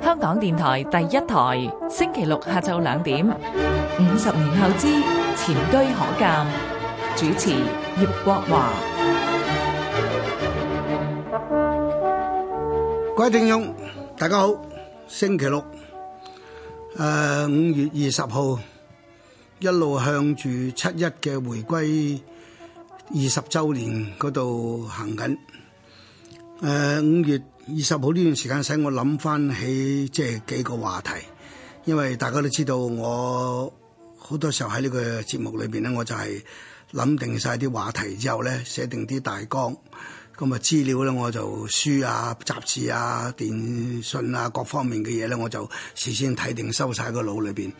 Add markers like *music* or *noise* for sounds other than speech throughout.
香港電台第一台星期六下午誒，五月二十號呢段時間，使我諗翻起即係幾個話題，因為大家都知道我好多時候喺呢個節目裏邊咧，我就係諗定晒啲話題之後咧，寫定啲大綱，咁啊資料咧我就書啊，雜誌啊，電信啊各方面嘅嘢咧，我就事先睇定收晒個腦裏邊。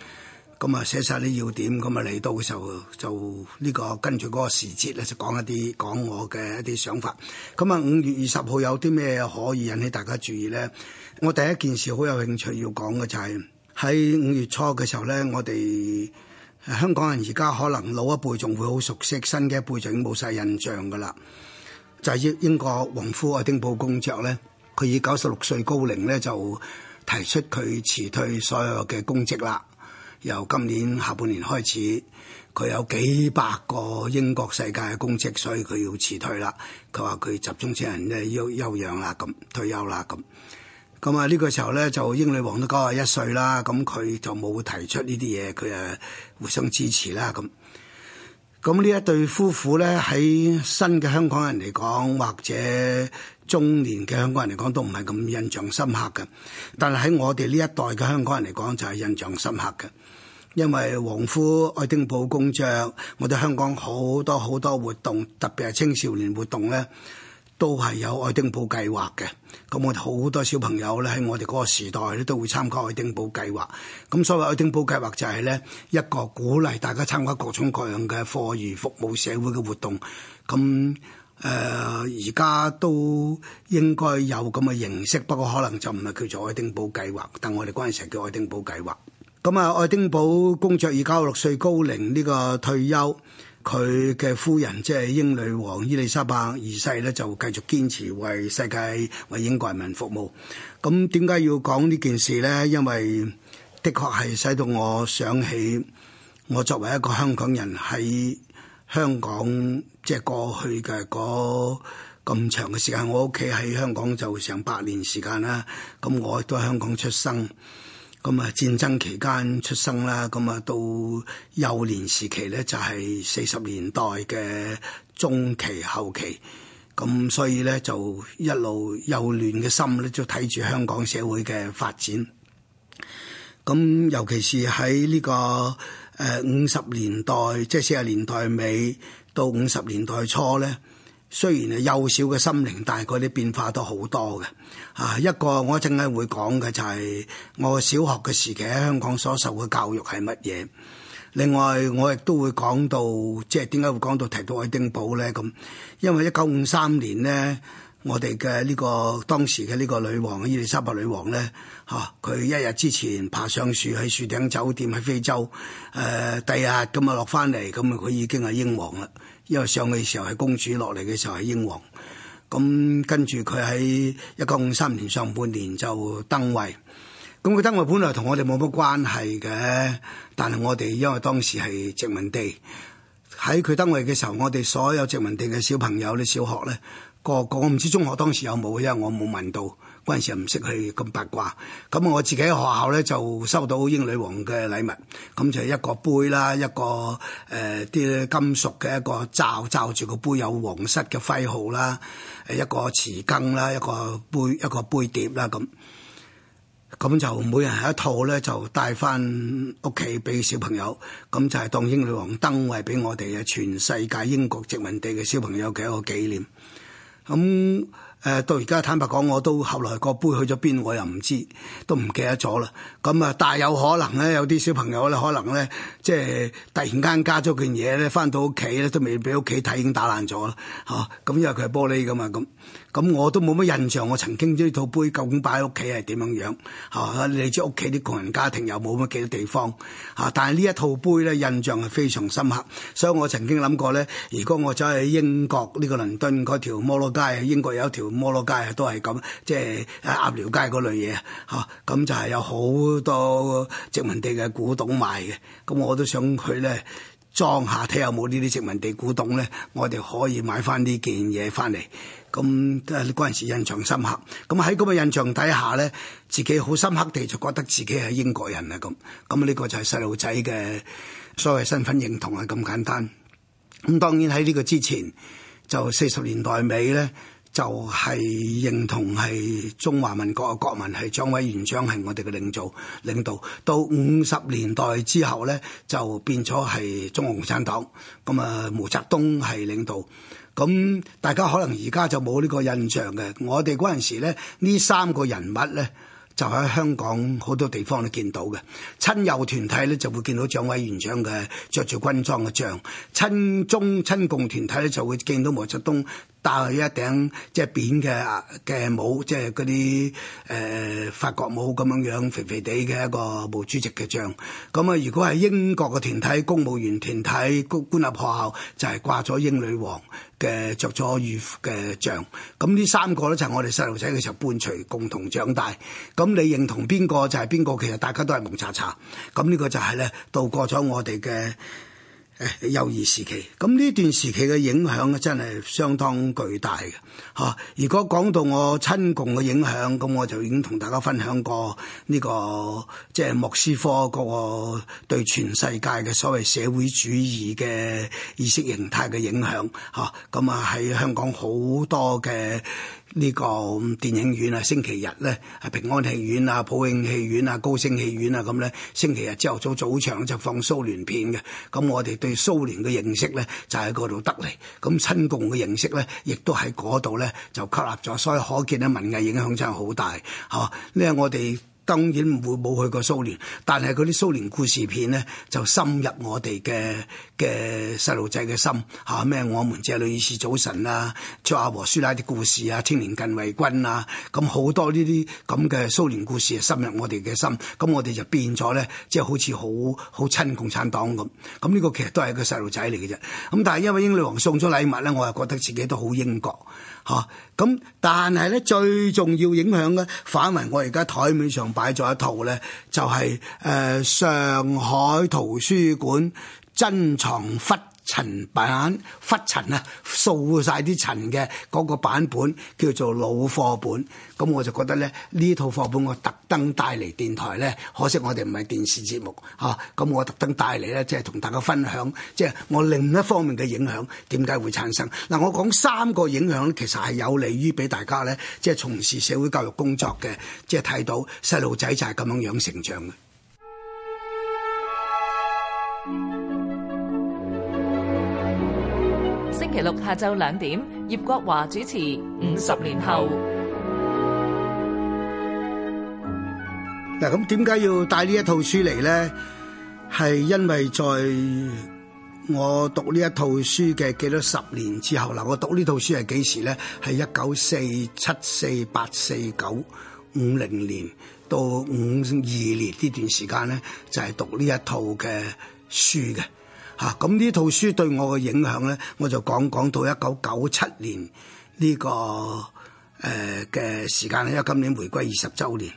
咁啊，寫晒啲要點，咁啊嚟到嘅時候就呢、呢個跟住嗰個時節咧，就講一啲講我嘅一啲想法。咁啊，五月二十號有啲咩可以引起大家注意咧？我第一件事好有興趣要講嘅就係喺五月初嘅時候咧，我哋香港人而家可能老一輩仲會好熟悉，新嘅一輩就已經冇晒印象噶啦。就英、係、英國王夫愛丁堡公爵咧，佢以九十六歲高齡咧就提出佢辭退所有嘅公職啦。由今年下半年開始，佢有幾百個英國世界嘅公職，所以佢要辭退啦。佢話佢集中請人即係休休養啦，咁退休啦，咁咁啊！呢、這個時候咧，就英女王都九十一歲啦，咁佢就冇提出呢啲嘢，佢誒互相支持啦，咁咁呢一對夫婦咧，喺新嘅香港人嚟講，或者中年嘅香港人嚟講，都唔係咁印象深刻嘅。但係喺我哋呢一代嘅香港人嚟講，就係、是、印象深刻嘅。因為皇夫愛丁堡公爵，我哋香港好多好多活動，特別係青少年活動咧，都係有愛丁堡計劃嘅。咁我哋好多小朋友咧喺我哋嗰個時代咧都會參加愛丁堡計劃。咁所謂愛丁堡計劃就係咧一個鼓勵大家參加各種各樣嘅課餘服務社會嘅活動。咁誒而家都應該有咁嘅形式，不過可能就唔係叫做愛丁堡計劃，但我哋嗰陣時叫愛丁堡計劃。咁啊、嗯，愛丁堡公爵以九十六歲高齡呢個退休，佢嘅夫人即係、就是、英女王伊麗莎白二世咧，就繼續堅持為世界為英國人民服務。咁點解要講呢件事咧？因為的確係使到我想起我作為一個香港人喺香港即係、就是、過去嘅嗰咁長嘅時間，我屋企喺香港就成百年時間啦。咁、嗯、我都喺香港出生。咁啊，戰爭期間出生啦，咁啊到幼年時期咧就係四十年代嘅中期後期，咁所以咧就一路幼嫩嘅心咧就睇住香港社會嘅發展，咁尤其是喺呢個誒五十年代，即係四十年代尾到五十年代初咧。雖然係幼小嘅心靈，但係嗰啲變化都好多嘅。啊，一個我正係會講嘅就係、是、我小學嘅時期喺香港所受嘅教育係乜嘢。另外我亦都會講到，即係點解會講到提到愛丁堡呢？咁，因為一九五三年呢。我哋嘅呢個當時嘅呢個女王伊利沙伯女王咧，嚇、啊、佢一日之前爬上樹，喺樹頂酒店，喺非洲，誒第二日咁啊落翻嚟，咁佢已經係英皇啦。因為上去嘅時候係公主，落嚟嘅時候係英皇。咁、嗯、跟住佢喺一九五三年上半年就登位。咁、嗯、佢登位本來同我哋冇乜關係嘅，但係我哋因為當時係殖民地，喺佢登位嘅時候，我哋所有殖民地嘅小朋友咧，小學咧。個，個我唔知中學當時有冇，因為我冇問到嗰陣又唔識去咁八卦。咁我自己喺學校咧就收到英女王嘅禮物，咁就一個杯啦，一個誒啲、呃、金屬嘅一個罩罩住個杯，有皇室嘅徽號啦，一個匙羹啦，一個杯一個杯碟啦，咁咁就每人一套咧，就帶翻屋企俾小朋友，咁就係當英女王登位俾我哋嘅全世界英國殖民地嘅小朋友嘅一個紀念。咁誒到而家坦白講，我都後來個杯去咗邊，我又唔知，都唔記得咗啦。咁啊，大有可能咧，有啲小朋友咧，可能咧，即係突然間加咗件嘢咧，翻到屋企咧，都未俾屋企睇，已經打爛咗啦。嚇，咁因為佢係玻璃噶嘛，咁。咁我都冇乜印象，我曾經將呢套杯究竟擺喺屋企係點樣樣嚇？你知屋企啲窮人家庭又冇乜幾多地方嚇，但係呢一套杯咧印象係非常深刻，所以我曾經諗過咧，如果我走喺英國呢個倫敦嗰條摩羅街，英國有一條摩羅街啊，都係咁，即係鴨寮街嗰類嘢嚇，咁就係有好多殖民地嘅古董賣嘅，咁我都想去咧。裝下睇下有冇呢啲殖民地古董咧，我哋可以買翻呢件嘢翻嚟。咁嗰陣時印象深刻。咁喺個印象底下咧，自己好深刻地就覺得自己係英國人啊！咁咁呢個就係細路仔嘅所謂身份認同係咁簡單。咁當然喺呢個之前，就四十年代尾咧。就係認同係中華民國嘅國民係蔣委員長係我哋嘅領袖領導，到五十年代之後呢，就變咗係中國共產黨，咁、嗯、啊毛澤東係領導。咁、嗯、大家可能而家就冇呢個印象嘅，我哋嗰陣時咧呢三個人物呢，就喺香港好多地方都見到嘅。親友團體呢，就會見到蔣委員長嘅着住軍裝嘅像；親中親共團體呢，就會見到毛澤東。戴一頂即係扁嘅嘅帽，即係嗰啲誒法國帽咁樣樣肥肥地嘅一個毛主席嘅像。咁、嗯、啊，如果係英國嘅團體、公務員團體、官立學校，就係、是、掛咗英女王嘅着咗御嘅像。咁呢、嗯、三個咧就係我哋細路仔嘅時候伴隨共同長大。咁、嗯、你認同邊個就係邊個，其實大家都係蒙查查。咁、嗯、呢、呢個就係咧度過咗我哋嘅。誒、哎、幼兒時期，咁呢段時期嘅影響真係相當巨大嘅嚇、啊。如果講到我親共嘅影響，咁我就已經同大家分享過呢、這個即係莫斯科嗰個對全世界嘅所謂社會主義嘅意識形態嘅影響嚇。咁啊喺香港好多嘅。呢個電影院啊，星期日咧係平安戲院啊、普慶戲院啊、高升戲院啊咁咧，星期日朝頭早早場就放蘇聯片嘅。咁我哋對蘇聯嘅認識咧就喺嗰度得嚟，咁親共嘅認識咧亦都喺嗰度咧就吸納咗，所以可見咧文藝影響真係好大嚇。呢、啊、個我哋。當然唔會冇去過蘇聯，但係嗰啲蘇聯故事片咧就深入我哋嘅嘅細路仔嘅心嚇咩、啊？我們嘅女士早晨啊，卓、啊、婭和舒拉啲故事啊，青年近衛軍啊，咁、嗯、好多呢啲咁嘅蘇聯故事啊，深入我哋嘅心，咁、嗯、我哋就變咗咧，即、就、係、是、好似好好親共產黨咁。咁、嗯、呢、這個其實都係個細路仔嚟嘅啫。咁、嗯、但係因為英女王送咗禮物咧，我又覺得自己都好英國嚇。咁、啊嗯、但係咧最重要影響咧反為我而家台面上。擺咗一套咧，就係、是、誒上海圖書館珍藏佛。塵版忽塵啊，掃晒啲塵嘅嗰個版本叫做老課本。咁我就覺得咧，呢套課本我特登帶嚟電台呢，可惜我哋唔係電視節目嚇，咁、啊、我特登帶嚟呢，即係同大家分享，即係我另一方面嘅影響點解會產生嗱，我講三個影響其實係有利於俾大家呢，即係從事社會教育工作嘅，即係睇到細路仔就係咁樣樣成長嘅。 *music* 星期六下晝兩點，葉國華主持《五十年後》。嗱， *music* 咁點解要帶呢一套書嚟？咧？係因為在我讀呢一套書嘅幾多十年之後嗱，我讀呢套書係幾時咧？係一九四七、四八、四九、五零年到五二年呢段時間咧，就係讀呢一套嘅書嘅。吓，咁呢套書對我嘅影響呢，我就講講到一九九七年呢、呢個誒嘅、呃、時間啦，因為今年回歸二十周年，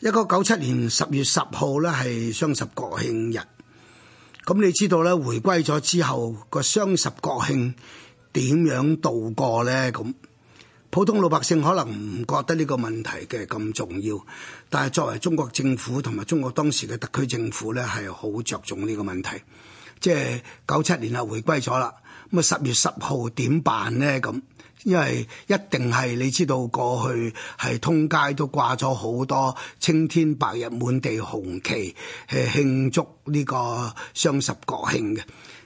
一九九七年十月十號呢係雙十國慶日。咁你知道呢，回歸咗之後個雙十國慶點樣度過呢？咁普通老百姓可能唔覺得呢個問題嘅咁重要，但係作為中國政府同埋中國當時嘅特區政府呢，係好着重呢個問題。即係九七年啊，回歸咗啦。咁啊，十月十號點辦呢？咁因為一定係你知道過去係通街都掛咗好多青天白日滿地紅旗，係慶祝呢個雙十國慶嘅。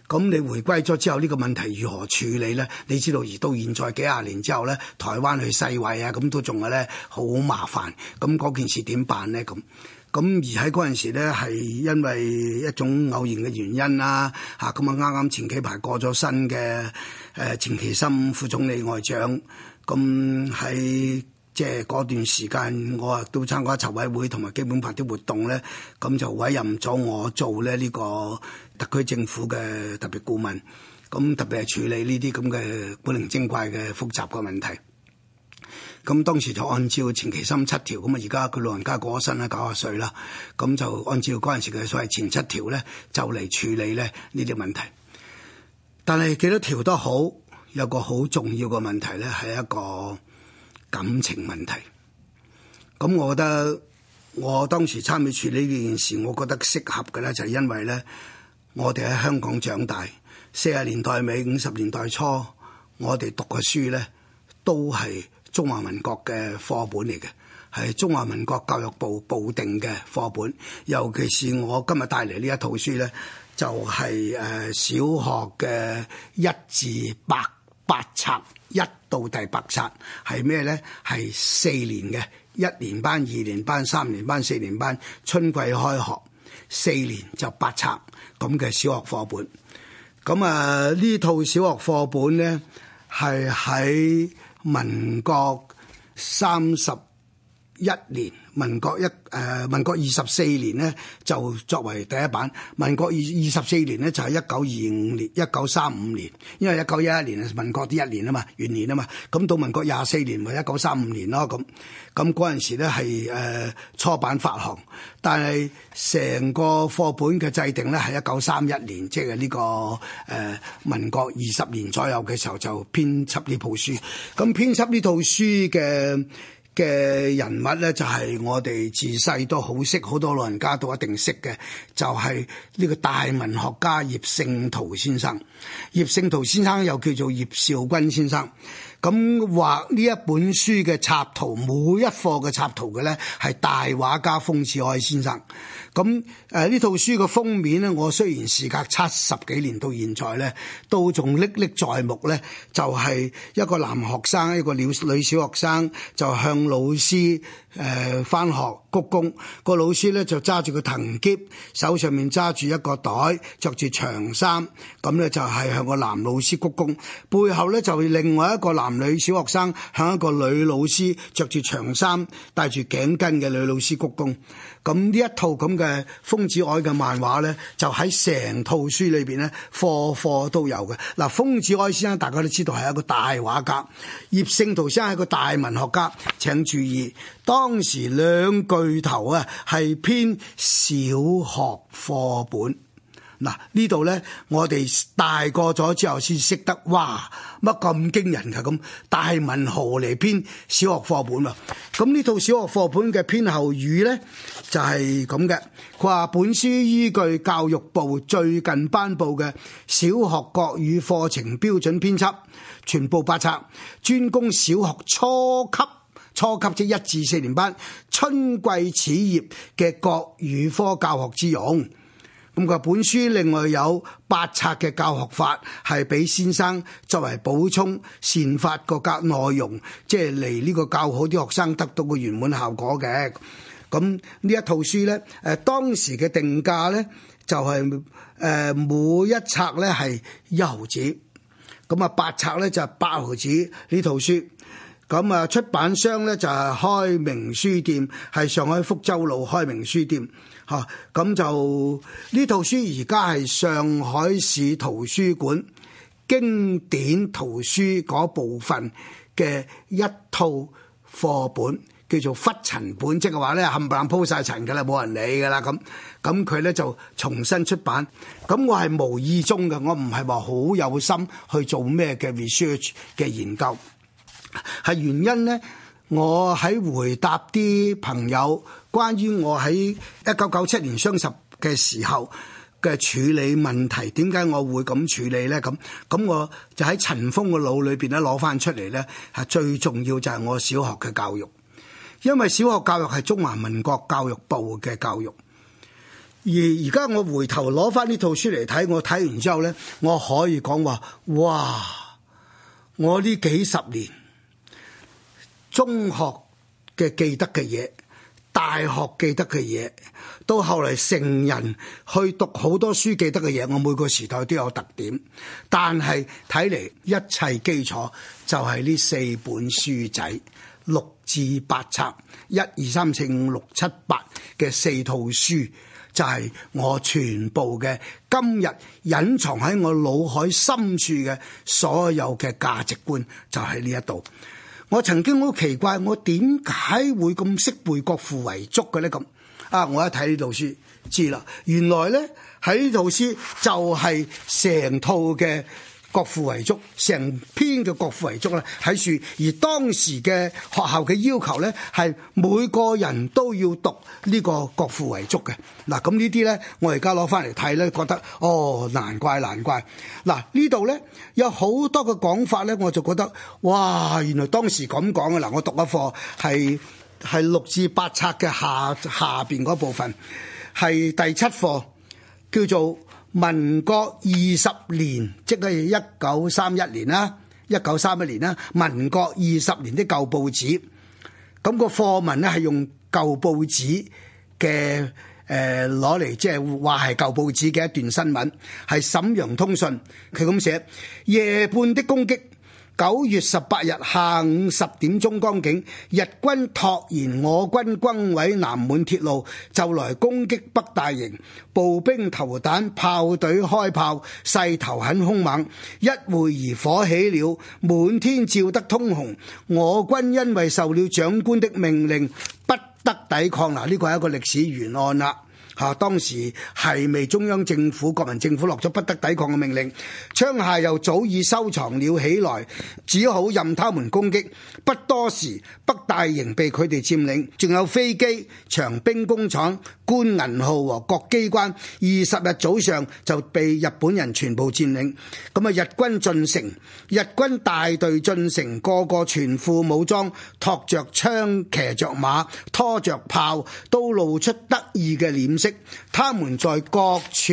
咁你回歸咗之後，呢個問題如何處理呢？你知道而到現在幾廿年之後呢，台灣去世衞啊，咁都仲係呢好麻煩。咁嗰件事點辦呢？咁。咁而喺嗰陣時咧，係因為一種偶然嘅原因啦，啊、吓、啊、咁啊啱啱前幾排過咗身嘅誒錢其琛副總理外長，咁、啊、喺即係嗰段時間我啊都參加籌委會同埋基本法啲活動咧，咁、啊、就委任咗我做咧呢、呢個特區政府嘅特別顧問，咁、啊、特別係處理呢啲咁嘅古靈精怪嘅複雜嘅問題。咁當時就按照前期三七條，咁啊而家佢老人家過咗身啦，九十歲啦，咁就按照嗰陣時嘅所謂前七條咧，就嚟處理咧呢啲問題。但係幾多條都好，有個好重要嘅問題咧，係一個感情問題。咁我覺得我當時參與處理呢件事，我覺得適合嘅咧，就係因為咧，我哋喺香港長大，四十年代尾五十年代初，我哋讀嘅書咧都係。中華民國嘅課本嚟嘅，係中華民國教育部部定嘅課本。尤其是我今日帶嚟呢一套書咧，就係、是、誒小學嘅一至八八冊，一到第八冊係咩咧？係四年嘅，一年班、二年班、三年班、四年班，春季開學四年就八冊咁嘅小學課本。咁啊呢套小學課本咧係喺。民國三十。一年，民國一誒、呃、民國二十四年呢，就作為第一版。民國二二十四年呢，就係一九二五年、一九三五年，因為一九一一年係民國啲一年啊嘛，元年啊嘛。咁到民國廿四年咪，一九三五年咯，咁咁嗰陣時咧係誒初版發行，但係成個課本嘅制定咧係一九三一年，即係呢個誒、呃、民國二十年左右嘅時候就編輯呢套書。咁編輯呢套書嘅。嘅人物咧就係我哋自細都好識，好多老人家都一定識嘅，就係、是、呢個大文學家葉聖陶先生。葉聖陶先生又叫做葉紹鈞先生。咁畫呢一本書嘅插圖，每一課嘅插圖嘅咧，係大畫家豐子愷先生。咁誒呢、啊、套書嘅封面咧，我雖然時隔七十幾年到現在咧，都仲歷歷在目咧。就係、是、一個男學生，一個女女小學生就向老師誒返、呃、學鞠躬。個老師咧就揸住個藤篋，手上面揸住一個袋，着住長衫，咁咧就係、是、向個男老師鞠躬。背後咧就係另外一個男女小學生向一個女老師着住長衫、戴住頸巾嘅女老師鞠躬。咁呢一套咁嘅封面。豐子愷嘅漫畫呢，就喺成套書裏邊呢，課課都有嘅。嗱，豐子愷先生大家都知道係一個大畫家，葉聖陶先生係個大文學家。請注意，當時兩巨頭啊係編小學課本。嗱，呢度呢，我哋大個咗之後先識得，哇乜咁驚人㗎咁，大文豪嚟編小學課本啊！咁呢套小學課本嘅編後語呢，就係咁嘅，佢話本書依據教育部最近頒佈嘅小學國語課程標準編輯，全部八冊，專攻小學初級、初級即一至四年班春季始業嘅國語科教學之用。咁個本書另外有八冊嘅教學法，係俾先生作為補充善法個教內容，即係嚟呢個教好啲學生得到個圓滿效果嘅。咁呢一套書咧，誒當時嘅定價咧就係、是、誒、呃、每一冊咧，係一毫紙咁啊，八冊咧就係、是、八毫紙呢套書咁啊。出版商咧就係、是、開明書店，係上海福州路開明書店。嚇咁、啊、就呢套書而家係上海市圖書館經典圖書嗰部分嘅一套課本，叫做忽塵本，即係話咧，冚唪唥鋪晒塵噶啦，冇人理噶啦咁。咁佢咧就重新出版。咁我係無意中嘅，我唔係話好有心去做咩嘅 research 嘅研究。係原因咧，我喺回答啲朋友。關於我喺一九九七年雙十嘅時候嘅處理問題，點解我會咁處理呢？咁咁，我就喺陳峰個腦裏邊咧，攞翻出嚟呢，係最重要就係我小學嘅教育，因為小學教育係中華民國教育部嘅教育。而而家我回頭攞翻呢套書嚟睇，我睇完之後呢，我可以講話，哇！我呢幾十年中學嘅記得嘅嘢。大學記得嘅嘢，到後嚟成人去讀好多書記得嘅嘢，我每個時代都有特點，但係睇嚟一切基礎就係呢四本書仔，六至八冊，一二三四五六七八嘅四套書，就係、是、我全部嘅今日隱藏喺我腦海深處嘅所有嘅價值觀就，就喺呢一度。我曾經好奇怪，我點解會咁識背國父遺囑嘅咧？咁啊，我一睇呢套書，知啦，原來咧喺呢套書就係成套嘅。國父遺囑，成篇嘅國父遺囑啦，喺書。而當時嘅學校嘅要求咧，係每個人都要讀個國父遺、啊、呢個國父遺囑嘅。嗱，咁呢啲咧，我而家攞返嚟睇咧，覺得哦，難怪難怪。嗱、啊，呢度咧有好多嘅講法咧，我就覺得哇，原來當時咁講嘅嗱。我讀一課係係六至八冊嘅下下邊嗰部分，係第七課，叫做。民國二十年，即係一九三一年啦，一九三一年啦。民國二十年啲舊報紙，咁個課文咧係用舊報紙嘅誒攞嚟，即係話係舊報紙嘅一段新聞，係《沈陽通訊》，佢咁寫夜半的攻擊。九月十八日下午十點鐘光景，日軍突然我軍軍委南滿鐵路就來攻擊北大營，步兵投彈、炮隊開炮，勢頭很凶猛。一會兒火起了，滿天照得通紅。我軍因為受了長官的命令，不得抵抗。嗱，呢個係一個歷史懸案啦。嚇！當時係未中央政府、國民政府落咗不得抵抗嘅命令，槍械又早已收藏了起來，只好任他們攻擊，不多時北大營被佢哋佔領，仲有飛機長兵工廠官銀號和各機關二十日早上就被日本人全部占領，咁啊，日軍進城，日軍大隊進城，個個全副武裝托着槍騎着馬拖着炮，都露出得意嘅臉色。他們在各處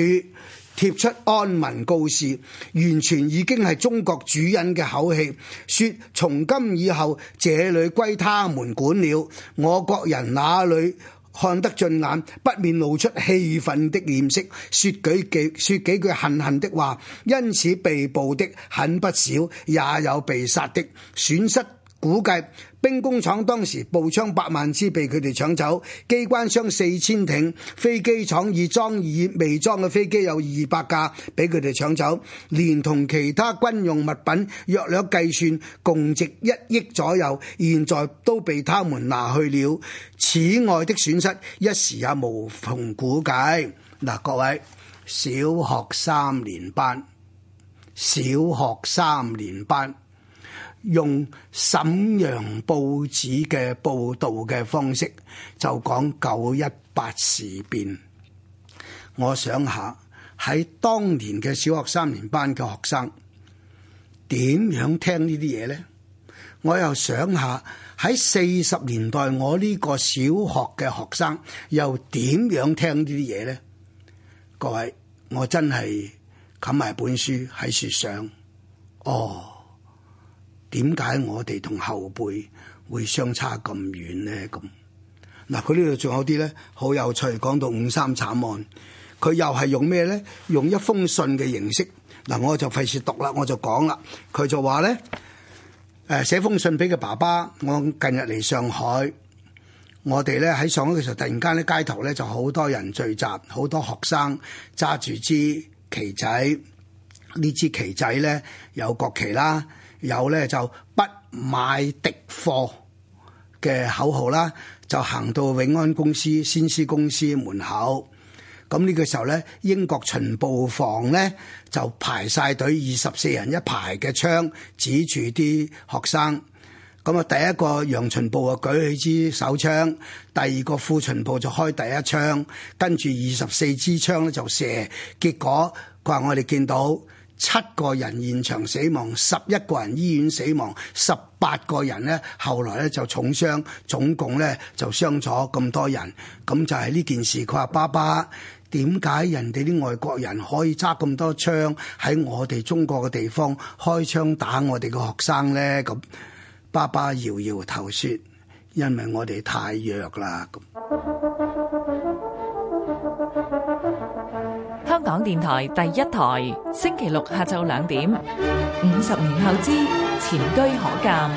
貼出安民告示，完全已經係中國主人嘅口氣，說從今以後這裏歸他們管了。我國人哪裏看得進眼，不免露出氣憤的臉色，說幾句說幾句恨恨的話，因此被捕的很不少，也有被殺的，損失估計。兵工廠當時步槍百萬支被佢哋搶走，機關槍四千挺，飛機廠以裝已未裝嘅飛機有二百架俾佢哋搶走，連同其他軍用物品，約略計算共值一億左右，現在都被他們拿去了。此外的損失一時也無從估計。嗱、呃，各位，小學三年班，小學三年班。用《瀋陽報紙》嘅報道嘅方式，就講九一八事變。我想下喺，當年嘅小學三年班嘅學生點樣聽呢啲嘢呢？我又想下喺四十年代我呢個小學嘅學生又點樣聽呢啲嘢呢？各位，我真係冚埋本書喺樹上哦。點解我哋同後輩會相差咁遠呢？咁嗱，佢呢度仲有啲咧，好有趣。講到五三慘案，佢又係用咩咧？用一封信嘅形式嗱，我就費事讀啦，我就講啦。佢就話咧，誒，寫封信俾佢爸爸，我近日嚟上海，我哋咧喺上海嘅時候，突然間咧街頭咧就好多人聚集，好多學生揸住支旗仔，呢支旗仔咧有國旗啦。有咧就不買敵貨嘅口號啦，就行到永安公司、先施公司門口。咁呢個時候咧，英國巡捕房咧就排晒隊，二十四人一排嘅槍指住啲學生。咁啊，第一個洋巡捕啊舉起支手槍，第二個副巡捕就開第一槍，跟住二十四支槍咧就射。結果佢話我哋見到。七個人現場死亡，十一個人醫院死亡，十八個人咧後來咧就重傷，總共咧就傷咗咁多人。咁就係呢件事。佢話：爸爸，點解人哋啲外國人可以揸咁多槍喺我哋中國嘅地方開槍打我哋嘅學生呢？咁爸爸搖搖頭説：因為我哋太弱啦。港電台第一台，星期六下晝兩點。五十年後之前車可鑑，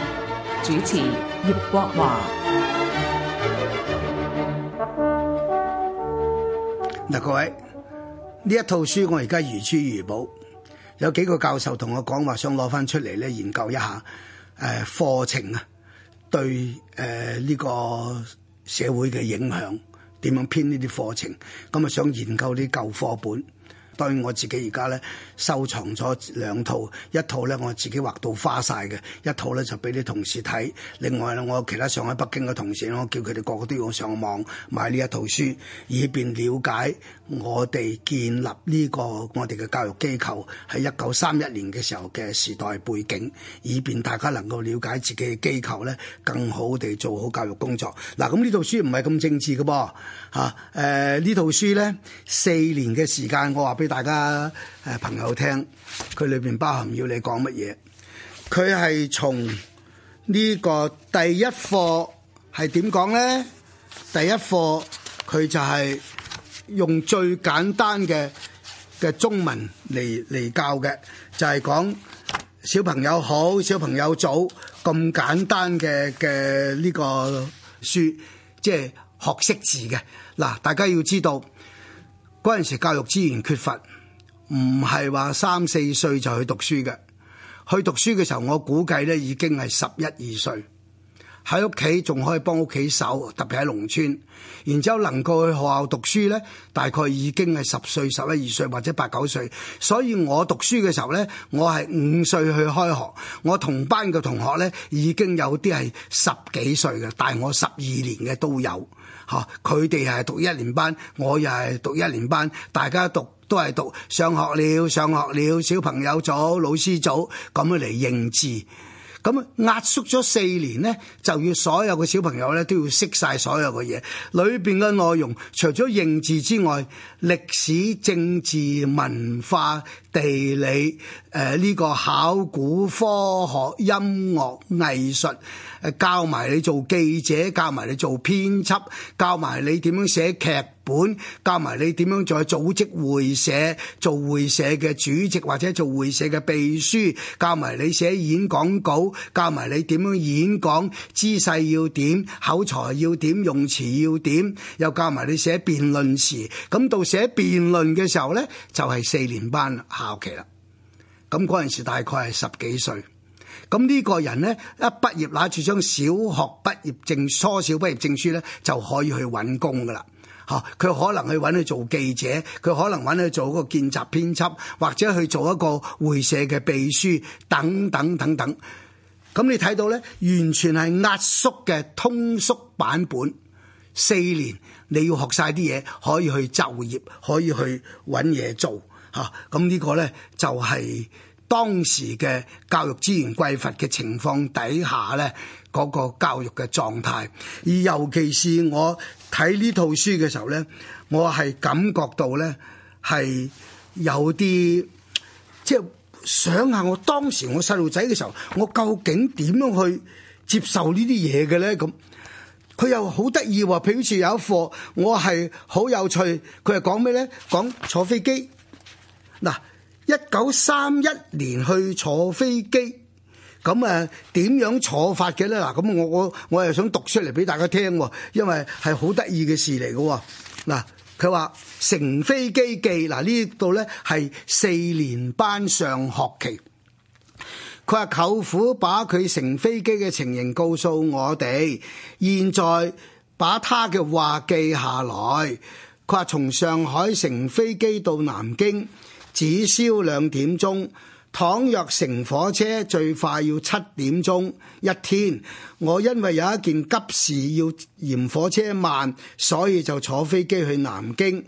主持葉國華。嗱，各位，呢一套書我而家如珠如寶，有幾個教授同我講話，想攞翻出嚟咧研究一下。誒，課程啊，對誒呢個社會嘅影響點樣編呢啲課程？咁啊，想研究啲舊課本。當然我自己而家咧收藏咗兩套，一套咧我自己畫到花晒嘅，一套咧就俾啲同事睇。另外咧，我其他上海北京嘅同事，我叫佢哋個,個個都要上網買呢一套書，以便了解我哋建立呢、這個我哋嘅教育機構，喺一九三一年嘅時候嘅時代背景，以便大家能夠了解自己嘅機構咧，更好地做好教育工作。嗱，咁呢套書唔係咁政治嘅噃，嚇誒呢套書咧四年嘅時間，我話俾。畀大家誒朋友聽，佢裏邊包含要你講乜嘢？佢係從呢個第一課係點講咧？第一課佢就係用最簡單嘅嘅中文嚟嚟教嘅，就係講小朋友好，小朋友早咁簡單嘅嘅呢個書，即係學識字嘅。嗱，大家要知道。嗰陣時教育資源缺乏，唔係話三四歲就去讀書嘅。去讀書嘅時候，我估計咧已經係十一二歲。喺屋企仲可以幫屋企手，特別喺農村。然之後能夠去學校讀書呢，大概已經係十歲、十一二歲或者八九歲。所以我讀書嘅時候呢，我係五歲去開學。我同班嘅同學呢，已經有啲係十幾歲嘅，大我十二年嘅都有。嚇！佢哋係讀一年班，我又係讀一年班，大家讀都係讀上學了，上學了，小朋友早，老師早咁樣嚟認字。咁壓縮咗四年咧，就要所有嘅小朋友咧都要識晒所有嘅嘢，裏邊嘅內容除咗認字之外，歷史、政治、文化、地理、誒、呃、呢、呢個考古、科學、音樂、藝術、誒教埋你做記者，教埋你做編輯，教埋你點樣寫劇本教埋你點樣再組織會社，做會社嘅主席或者做會社嘅秘書，教埋你寫演講稿，教埋你點樣演講，姿勢要點，口才要點，用詞要點，又教埋你寫辯論詞，咁到寫辯論嘅時候咧，就係四年班下學期啦。咁嗰陣時大概係十幾歲，咁呢個人咧一畢業，攞住張小學畢業證初小畢業證書咧，就可以去揾工噶啦。嚇，佢可能去揾去做記者，佢可能揾去做個見習編輯，或者去做一個會社嘅秘書，等等等等。咁你睇到咧，完全係壓縮嘅通縮版本。四年你要學晒啲嘢，可以去就業，可以去揾嘢做嚇。咁呢個咧就係、是。當時嘅教育資源匱乏嘅情況底下咧，嗰、那個教育嘅狀態，而尤其是我睇呢套書嘅時候咧，我係感覺到咧，係有啲即係想下我當時我細路仔嘅時候，我究竟點樣去接受呢啲嘢嘅咧？咁佢又好得意話，譬如好似有一課，我係好有趣，佢係講咩咧？講坐飛機嗱。一九三一年去坐飛機，咁啊點樣坐法嘅呢？嗱，咁我我我又想讀出嚟俾大家聽喎，因為係好得意嘅事嚟嘅喎。嗱，佢話乘飛機記，嗱呢度呢係四年班上學期。佢話舅父把佢乘飛機嘅情形告訴我哋，現在把他嘅話記下來。佢話從上海乘飛機到南京。只消兩點鐘，倘若乘火車最快要七點鐘。一天，我因為有一件急事要嫌火車慢，所以就坐飛機去南京。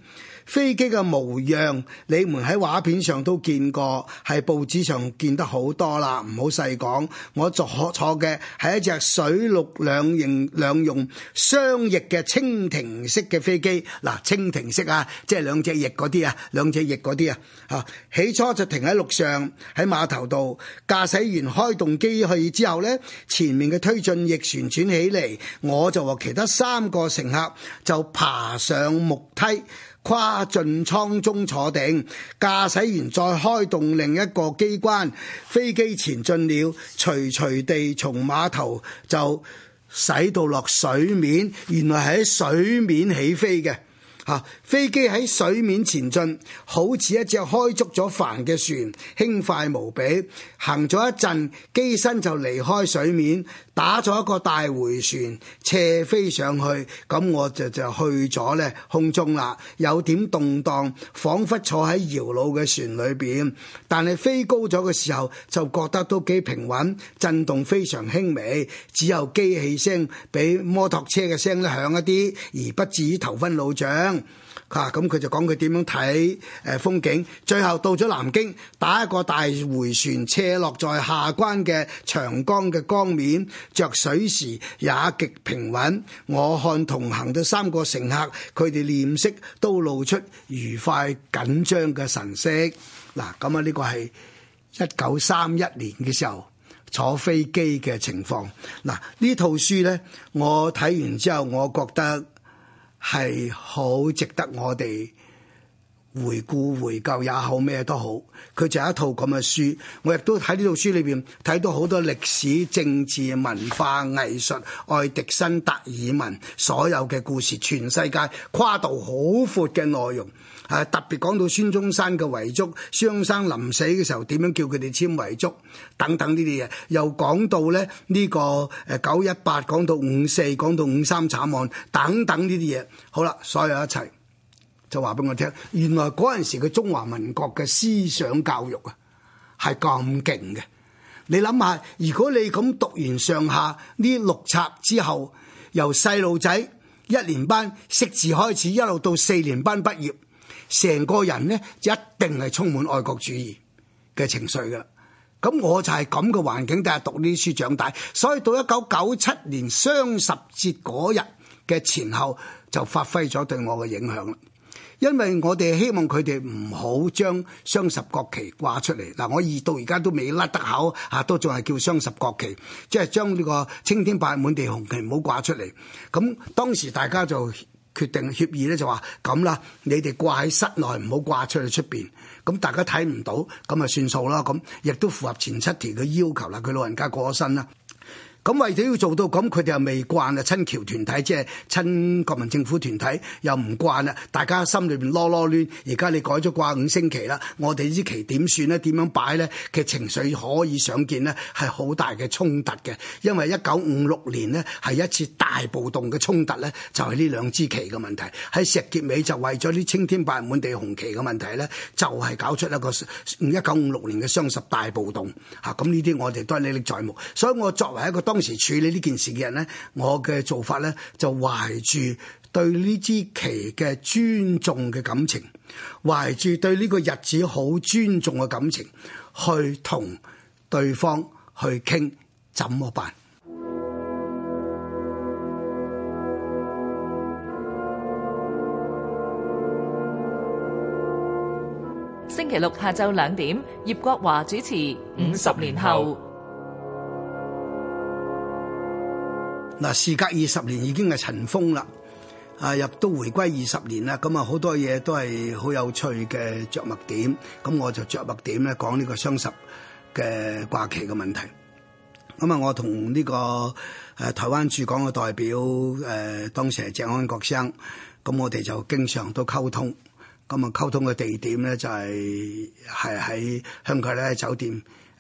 飛機嘅模樣，你們喺畫片上都見過，喺報紙上見得好多啦，唔好細講。我坐坐嘅係一隻水陸兩型兩用雙翼嘅蜻蜓式嘅飛機，嗱，蜻蜓式啊，即係兩隻翼嗰啲啊，兩隻翼嗰啲啊，嚇。起初就停喺陸上，喺碼頭度，駕駛員開動機器之後呢，前面嘅推進翼旋轉起嚟，我就和其他三個乘客就爬上木梯。跨進艙中坐定，駕駛員再開動另一個機關，飛機前進了，徐徐地從碼頭就駛到落水面。原來係喺水面起飛嘅，嚇、啊！飛機喺水面前進，好似一隻開足咗帆嘅船，輕快無比。行咗一陣，機身就離開水面。打咗一個大回旋，斜飛上去，咁我就就去咗咧空中啦。有點動盪，仿佛坐喺搖櫓嘅船裏邊。但係飛高咗嘅時候，就覺得都幾平穩，震動非常輕微，只有機器聲比摩托車嘅聲都響一啲，而不至於頭昏腦脹。嚇！咁佢就講佢點樣睇誒風景，最後到咗南京，打一個大回旋，斜落在下關嘅長江嘅江面，着水時也極平穩。我看同行嘅三個乘客，佢哋臉色都露出愉快緊張嘅神色。嗱，咁啊，呢個係一九三一年嘅時候坐飛機嘅情況。嗱，呢套書呢，我睇完之後，我覺得。係好值得我哋回顧回顧回，也好咩都好，佢就係一套咁嘅書。我亦都喺呢套書裏邊睇到好多歷史、政治、文化、藝術、愛迪生、達爾文所有嘅故事，全世界跨度好闊嘅內容。啊！特別講到孫中山嘅遺囑，孫生臨死嘅時候點樣叫佢哋簽遺囑等等呢啲嘢，又講到咧呢個誒九一八，講到五四，講到五三慘案等等呢啲嘢。好啦，所有一齊就話俾我聽。原來嗰陣時嘅中華民國嘅思想教育啊，係咁勁嘅。你諗下，如果你咁讀完上下呢六冊之後，由細路仔一年班識字開始，一路到四年班畢業，成個人咧，一定係充滿愛國主義嘅情緒㗎喇。咁我就係咁嘅環境底下讀呢啲書長大，所以到一九九七年雙十節嗰日嘅前後，就發揮咗對我嘅影響啦。因為我哋希望佢哋唔好將雙十國旗掛出嚟。嗱，我二到而家都未甩得口，嚇，啊，都仲係叫雙十國旗，即係將呢個青天白日滿地紅旗唔好掛出嚟。咁當時大家就～決定協議咧就話咁啦，你哋掛喺室內唔好掛出去出邊，咁大家睇唔到，咁咪算數啦。咁亦都符合前七條嘅要求啦。佢老人家過咗身啦。咁為咗要做到咁？佢哋又未慣啊，親僑團體即係親國民政府團體又唔慣啦。大家心裏邊囉囉攣。而家你改咗掛五星旗啦，我哋呢支旗點算咧？點樣擺咧？其實情緒可以想見咧，係好大嘅衝突嘅。因為一九五六年呢，係一次大暴動嘅衝突咧，就係、是、呢兩支旗嘅問題。喺石硤尾就為咗啲青天白滿地紅旗嘅問題咧，就係、是、搞出一個一九五六年嘅雙十大暴動嚇。咁呢啲我哋都係歷歷在目。所以我作為一個當當時處理呢件事嘅人呢，我嘅做法呢，就懷住對呢支旗嘅尊重嘅感情，懷住對呢個日子好尊重嘅感情，去同對方去傾，怎麼辦？星期六下晝兩點，葉國華主持《五十年後》。嗱，事隔二十年已經係塵封啦，啊，亦都回歸二十年啦，咁啊好多嘢都係好有趣嘅着墨點，咁我就着墨點咧講呢講個雙十嘅掛旗嘅問題。咁啊、這個，我同呢個誒台灣駐港嘅代表誒、呃，當時係鄭安國生，咁我哋就經常都溝通，咁啊溝通嘅地點咧就係係喺香港咧酒店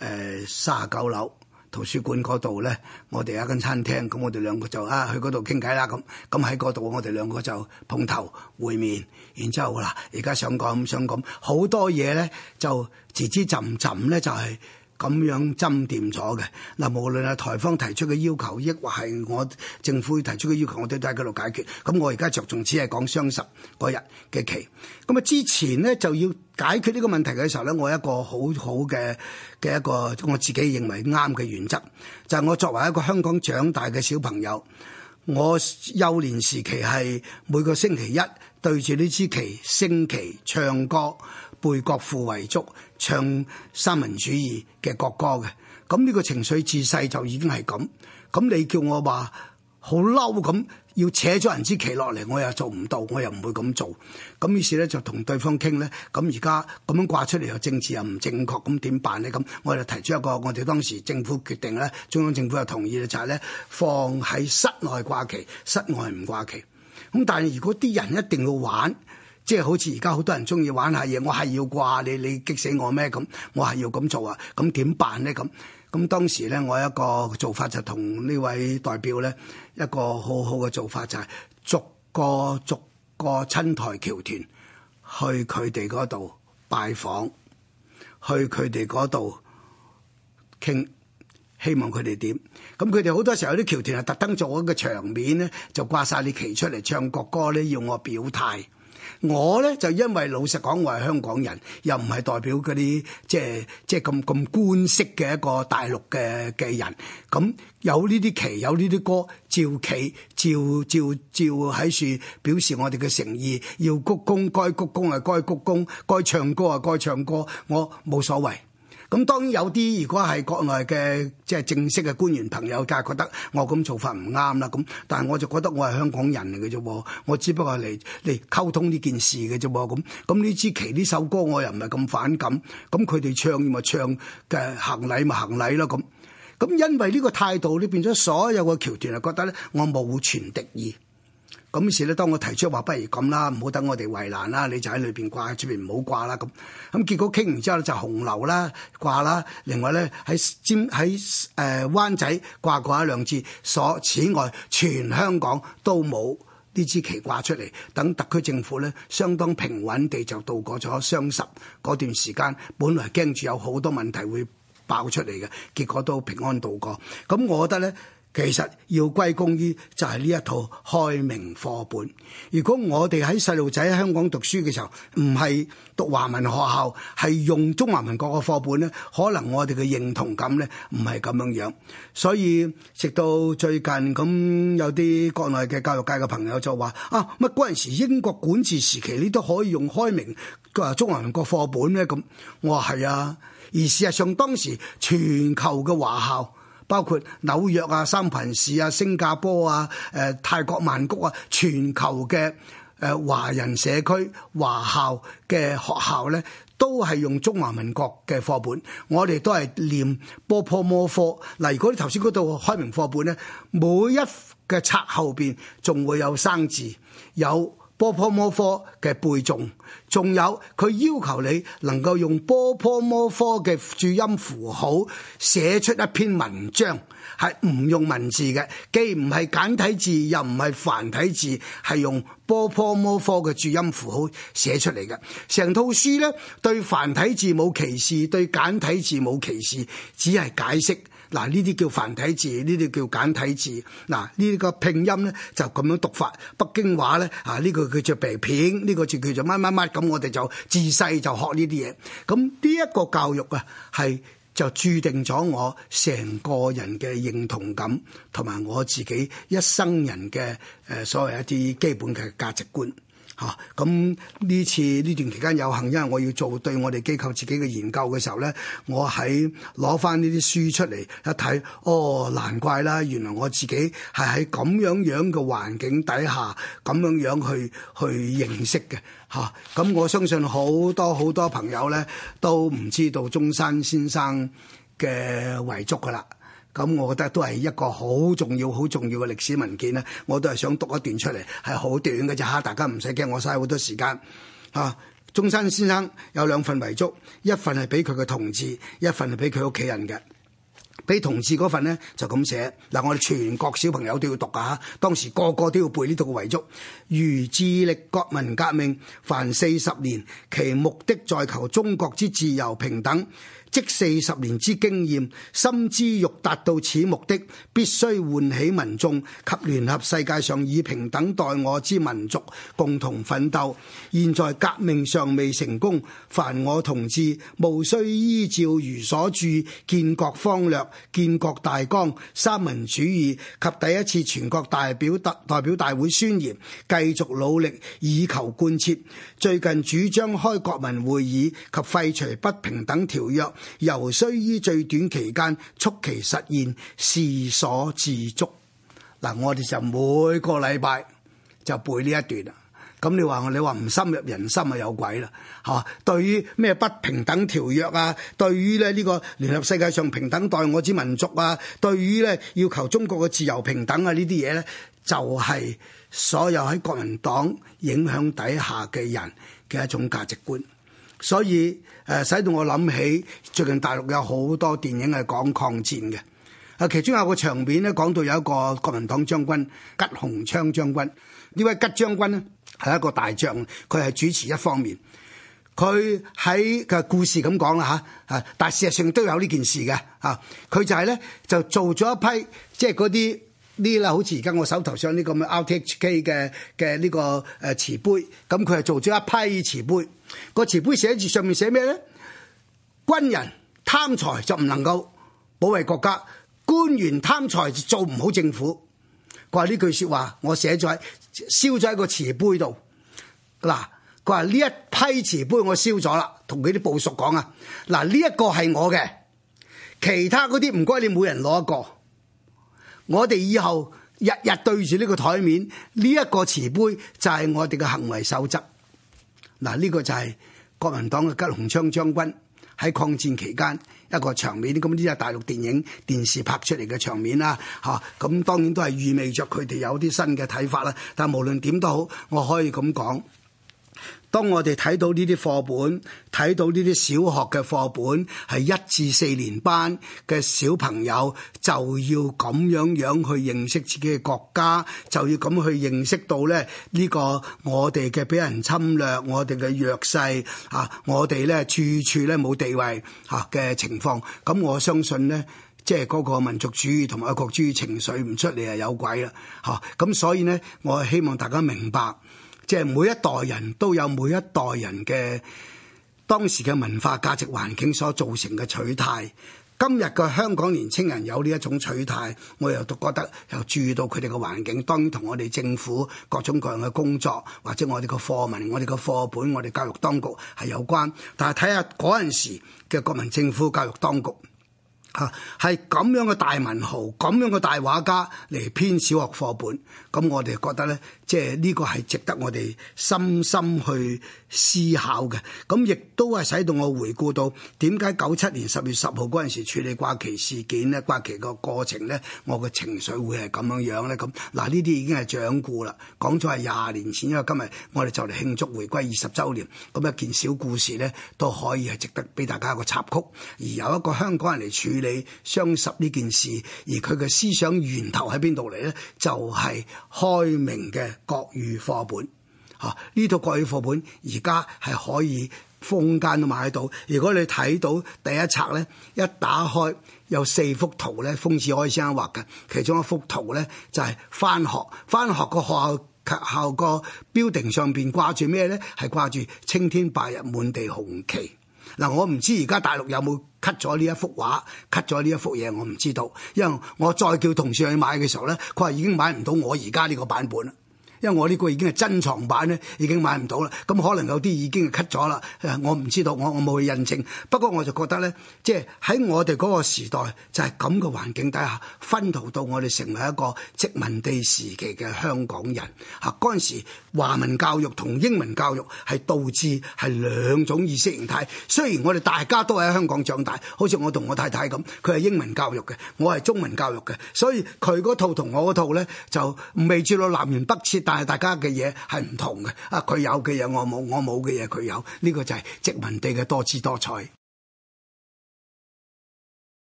誒三十九樓。呃圖書館嗰度咧，我哋有一間餐廳，咁我哋兩個就啊去嗰度傾偈啦，咁咁喺嗰度我哋兩個就碰頭會面，然之後啦，而家想講想講好多嘢咧、就是，就吱吱尋尋咧就係。咁樣針掂咗嘅嗱，無論係台方提出嘅要求，抑或係我政府提出嘅要求，我哋都喺度解決。咁我而家着重只係講雙十嗰日嘅期。咁啊，之前咧就要解決呢個問題嘅時候咧，我有一個好好嘅嘅一個我自己認為啱嘅原則，就係、是、我作為一個香港長大嘅小朋友，我幼年時期係每個星期一對住呢支旗升旗唱歌。背國父遺囑唱三民主義嘅國歌嘅，咁呢個情緒自細就已經係咁。咁你叫我話好嬲咁要扯咗人之旗落嚟，我又做唔到，我又唔會咁做。咁於是咧就同對方傾咧，咁而家咁樣掛出嚟又政治又唔正確，咁點辦咧？咁我就提出一個，我哋當時政府決定咧，中央政府又同意咧，就係咧放喺室內掛旗，室外唔掛旗。咁但係如果啲人一定要玩？即係好似而家好多人中意玩下嘢，我係要掛你，你激死我咩咁，我係要咁做啊！咁點辦咧？咁咁當時咧，我一個做法就同呢位代表咧，一個好好嘅做法就係逐個逐個親台僑團去佢哋嗰度拜訪，去佢哋嗰度傾，希望佢哋點？咁佢哋好多時候啲僑團係特登做一個場面咧，就掛晒啲旗出嚟唱國歌咧，要我表態。我咧就因為老實講，我係香港人，又唔係代表嗰啲即係即係咁咁官式嘅一個大陸嘅嘅人。咁有呢啲旗，有呢啲歌，照企，照照照喺樹，表示我哋嘅誠意。要鞠躬該鞠躬啊，該鞠躬；該唱歌啊，該唱歌。我冇所謂。咁當然有啲，如果係國內嘅即係正式嘅官員朋友，梗係覺得我咁做法唔啱啦。咁但係我就覺得我係香港人嚟嘅啫喎，我只不過嚟嚟溝通呢件事嘅啫喎。咁咁呢支旗呢首歌我又唔係咁反感，咁佢哋唱咪唱嘅，行禮咪行禮咯。咁咁因為呢個態度，你變咗所有嘅橋段係覺得咧，我無存敵意。咁時咧，當我提出話，不如咁啦，唔好等我哋為難啦，你就喺裏邊掛，出邊唔好掛啦。咁咁結果傾完之後咧，就紅樓啦掛啦。另外咧喺尖喺誒、呃、灣仔掛過一兩次。所此外，全香港都冇呢支旗掛出嚟。等特區政府咧，相當平穩地就度過咗雙十嗰段時間。本來驚住有好多問題會爆出嚟嘅，結果都平安度過。咁我覺得咧。其實要歸功於就係呢一套開明課本。如果我哋喺細路仔喺香港讀書嘅時候，唔係讀華文學校，係用中華民國嘅課本咧，可能我哋嘅認同感咧唔係咁樣樣。所以直到最近咁，有啲國內嘅教育界嘅朋友就話：啊乜嗰陣時英國管治時期，你都可以用開明、啊、中華民國課本咧？咁我話係啊，而事實上當時全球嘅華校。包括紐約啊、三藩市啊、新加坡啊、誒、呃、泰國曼谷啊，全球嘅誒、呃、華人社區、華校嘅學校咧，都係用中華民國嘅課本，我哋都係念波破魔科。嗱、呃，如果你頭先嗰套開明課本咧，每一嘅冊後邊仲會有生字有。波坡摩科嘅背誦，仲有佢要求你能夠用波坡摩科嘅注音符號寫出一篇文章，係唔用文字嘅，既唔係簡體字又唔係繁體字，係用波坡摩科嘅注音符號寫出嚟嘅。成套書咧對繁體字冇歧視，對簡體字冇歧視，只係解釋。嗱，呢啲叫繁體字，呢啲叫簡體字。嗱，呢個拼音咧就咁樣讀法，北京話咧啊，呢個叫做鼻片，呢個就叫做乜乜乜。咁我哋就自細就學呢啲嘢。咁呢一個教育啊，係就註定咗我成個人嘅認同感，同埋我自己一生人嘅誒所謂一啲基本嘅價值觀。嚇！咁呢次呢段期間有幸，因為我要做對我哋機構自己嘅研究嘅時候咧，我喺攞翻呢啲書出嚟一睇，哦，難怪啦，原來我自己係喺咁樣樣嘅環境底下咁樣樣去去認識嘅嚇。咁、哦、我相信好多好多朋友咧都唔知道中山先生嘅遺囑噶啦。咁我覺得都係一個好重要、好重要嘅歷史文件呢，我都係想讀一段出嚟，係好短嘅啫嚇，大家唔使驚，我嘥好多時間嚇、啊。中山先生有兩份遺囑，一份係俾佢嘅同志，一份係俾佢屋企人嘅。俾同志嗰份呢就咁寫，嗱我哋全國小朋友都要讀啊，當時個個都要背呢度嘅遺囑。余致力國民革命凡四十年，其目的在求中國之自由平等。即四十年之經驗，深知欲達到此目的，必須喚起民眾及聯合世界上以平等待我之民族共同奮鬥。現在革命尚未成功，凡我同志務須依照如所著建國方略、建國大綱、三民主義及第一次全國代表特代表大會宣言，繼續努力以求貫徹。最近主張開國民會議及廢除不平等條約。由需於最短期間促其實現，是所自足。嗱，我哋就每個禮拜就背呢一段。咁你話你話唔深入人心啊？有鬼啦吓、啊。對於咩不平等條約啊，對於咧、呢、呢個聯合世界上平等待我之民族啊，對於咧要求中國嘅自由平等啊，呢啲嘢咧，就係、是、所有喺國民黨影響底下嘅人嘅一種價值觀。所以。誒使到我諗起最近大陸有好多電影係講抗戰嘅，啊其中有個場面咧講到有一個國民黨將軍吉鴻昌將軍，呢位吉將軍咧係一個大將，佢係主持一方面，佢喺嘅故事咁講啦嚇，啊但事實上都有呢件事嘅，啊佢就係咧就做咗一批即係嗰啲。就是呢啦，好似而家我手頭上呢個咁嘅 RTHK 嘅嘅呢個誒瓷杯，咁佢係做咗一批瓷杯，個瓷杯寫住上面寫咩咧？軍人貪財就唔能夠保衛國家，官員貪財就做唔好政府。佢話呢句說話，我寫咗燒咗一個瓷杯度。嗱，佢話呢一批瓷杯我燒咗啦，同佢啲部屬講啊，嗱呢一個係我嘅，其他嗰啲唔該你每人攞一個。我哋以後日日對住呢個台面，呢、這、一個慈悲就係我哋嘅行為守則。嗱，呢個就係國民黨嘅吉鴻昌將軍喺抗戰期間一個場面，咁呢啲係大陸電影電視拍出嚟嘅場面啦，嚇、啊。咁、嗯、當然都係意味着佢哋有啲新嘅睇法啦。但無論點都好，我可以咁講。當我哋睇到呢啲課本，睇到呢啲小學嘅課本，係一至四年班嘅小朋友就要咁樣樣去認識自己嘅國家，就要咁去認識到咧呢個我哋嘅畀人侵略，我哋嘅弱勢嚇，我哋咧處處咧冇地位嚇嘅情況。咁我相信咧，即係嗰個民族主義同埋國主義情緒唔出嚟啊，有鬼啦嚇！咁所以咧，我希望大家明白。即係每一代人都有每一代人嘅當時嘅文化價值環境所造成嘅取態。今日嘅香港年青人有呢一種取態，我又都覺得又注意到佢哋嘅環境，當然同我哋政府各種各樣嘅工作或者我哋嘅課文、我哋嘅課本、我哋教育當局係有關。但係睇下嗰陣時嘅國民政府教育當局，吓，係咁樣嘅大文豪、咁樣嘅大畫家嚟編小學課本，咁我哋覺得咧。即係呢個係值得我哋深深去思考嘅，咁亦都係使到我回顧到點解九七年十月十號嗰陣時處理掛旗事件咧、掛旗個過程咧，我嘅情緒會係咁樣樣咧。咁嗱，呢啲已經係掌故啦，講咗係廿年前，因為今日我哋就嚟慶祝回歸二十周年，咁一件小故事咧都可以係值得俾大家一個插曲，而由一個香港人嚟處理雙十呢件事，而佢嘅思想源頭喺邊度嚟咧？就係、是、開明嘅。國語課本，吓、啊、呢套國語課本而家係可以坊間都買得到。如果你睇到第一冊咧，一打開有四幅圖咧，豐子愷先生畫嘅。其中一幅圖咧就係、是、翻學，翻學個學校校個標定上邊掛住咩咧？係掛住青天白日滿地紅旗。嗱、啊，我唔知而家大陸有冇 cut 咗呢一幅畫，cut 咗呢一幅嘢，我唔知道。因為我再叫同事去買嘅時候咧，佢話已經買唔到我而家呢個版本啦。因為我呢個已經係珍藏版咧，已經買唔到啦。咁可能有啲已經係 cut 咗啦。誒，我唔知道，我我冇去印證。不過我就覺得呢，即係喺我哋嗰個時代，就係咁嘅環境底下，熏陶到我哋成為一個殖民地時期嘅香港人。嚇、啊，嗰陣時華文教育同英文教育係導致係兩種意識形態。雖然我哋大家都喺香港長大，好似我同我太太咁，佢係英文教育嘅，我係中文教育嘅，所以佢嗰套同我嗰套呢，就未至到南轅北轍，係大家嘅嘢係唔同嘅，啊佢有嘅嘢我冇，我冇嘅嘢佢有，呢、這個就係殖民地嘅多姿多彩。